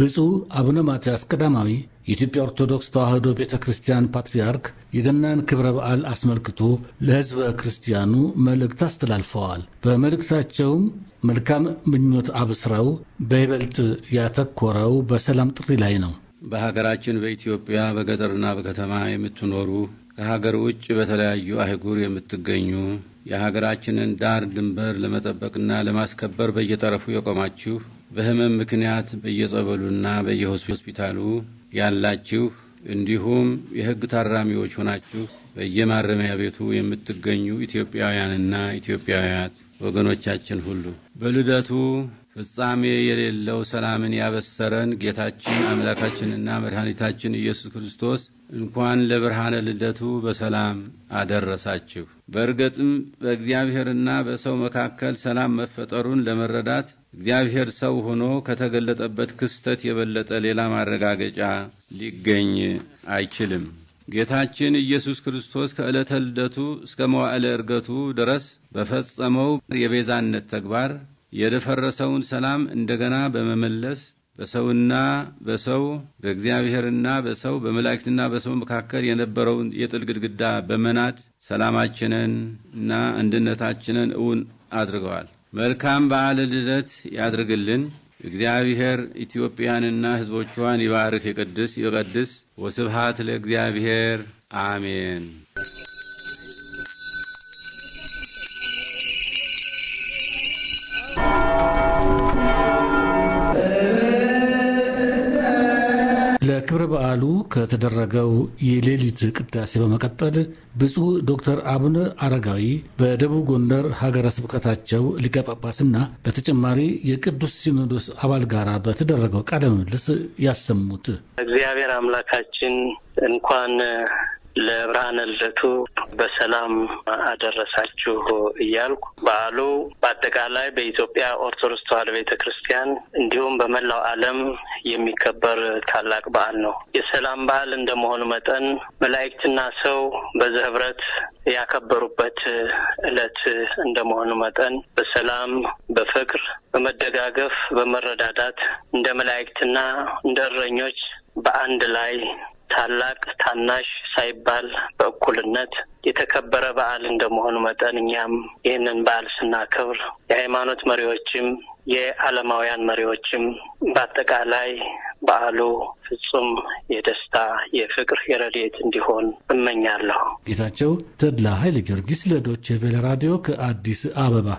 ብፁዕ አቡነ ማትያስ ቀዳማዊ የኢትዮጵያ ኦርቶዶክስ ተዋሕዶ ቤተ ክርስቲያን ፓትርያርክ የገናን ክብረ በዓል አስመልክቶ ለሕዝበ ክርስቲያኑ መልእክት አስተላልፈዋል። በመልእክታቸውም መልካም ምኞት አብስረው በይበልጥ ያተኮረው በሰላም ጥሪ ላይ ነው። በሀገራችን በኢትዮጵያ በገጠርና በከተማ የምትኖሩ ከሀገር ውጭ በተለያዩ አህጉር የምትገኙ የሀገራችንን ዳር ድንበር ለመጠበቅና ለማስከበር በየጠረፉ የቆማችሁ በህመም ምክንያት በየጸበሉና በየሆስፒታሉ ያላችሁ እንዲሁም የህግ ታራሚዎች ሆናችሁ በየማረሚያ ቤቱ የምትገኙ ኢትዮጵያውያንና ኢትዮጵያውያት ወገኖቻችን ሁሉ በልደቱ ፍጻሜ የሌለው ሰላምን ያበሰረን ጌታችን አምላካችንና መድኃኒታችን ኢየሱስ ክርስቶስ እንኳን ለብርሃነ ልደቱ በሰላም አደረሳችሁ። በእርግጥም በእግዚአብሔርና በሰው መካከል ሰላም መፈጠሩን ለመረዳት እግዚአብሔር ሰው ሆኖ ከተገለጠበት ክስተት የበለጠ ሌላ ማረጋገጫ ሊገኝ አይችልም። ጌታችን ኢየሱስ ክርስቶስ ከዕለተ ልደቱ እስከ መዋዕለ እርገቱ ድረስ በፈጸመው የቤዛነት ተግባር የደፈረሰውን ሰላም እንደገና በመመለስ በሰውና በሰው በእግዚአብሔርና በሰው በመላእክትና በሰው መካከል የነበረውን የጥል ግድግዳ በመናድ ሰላማችንን እና አንድነታችንን እውን አድርገዋል። መልካም በዓለ ልደት ያድርግልን። እግዚአብሔር ኢትዮጵያንና ሕዝቦቿን ይባርክ፣ ይቀድስ፣ ይቀድስ። ወስብሃት ለእግዚአብሔር አሜን። ክብረ በዓሉ ከተደረገው የሌሊት ቅዳሴ በመቀጠል ብፁዕ ዶክተር አቡነ አረጋዊ በደቡብ ጎንደር ሀገረ ስብከታቸው ሊቀ ጳጳስና በተጨማሪ የቅዱስ ሲኖዶስ አባል ጋር በተደረገው ቃለ ምልልስ ያሰሙት እግዚአብሔር አምላካችን እንኳን ለብርሃነ ልደቱ በሰላም አደረሳችሁ እያልኩ በዓሉ በአጠቃላይ በኢትዮጵያ ኦርቶዶክስ ተዋሕዶ ቤተ ክርስቲያን እንዲሁም በመላው ዓለም የሚከበር ታላቅ በዓል ነው። የሰላም በዓል እንደመሆኑ መጠን መላእክትና ሰው በዘህብረት ያከበሩበት ዕለት እንደመሆኑ መጠን በሰላም በፍቅር፣ በመደጋገፍ፣ በመረዳዳት እንደ መላእክትና እንደ እረኞች በአንድ ላይ ታላቅ ታናሽ ሳይባል በእኩልነት የተከበረ በዓል እንደመሆኑ መጠን እኛም ይህንን በዓል ስናከብር የሃይማኖት መሪዎችም የዓለማውያን መሪዎችም በአጠቃላይ በዓሉ ፍጹም የደስታ የፍቅር፣ የረድኤት እንዲሆን እመኛለሁ። ጌታቸው ተድላ ኃይለ ጊዮርጊስ ለዶቼ ቬለ ራዲዮ ከአዲስ አበባ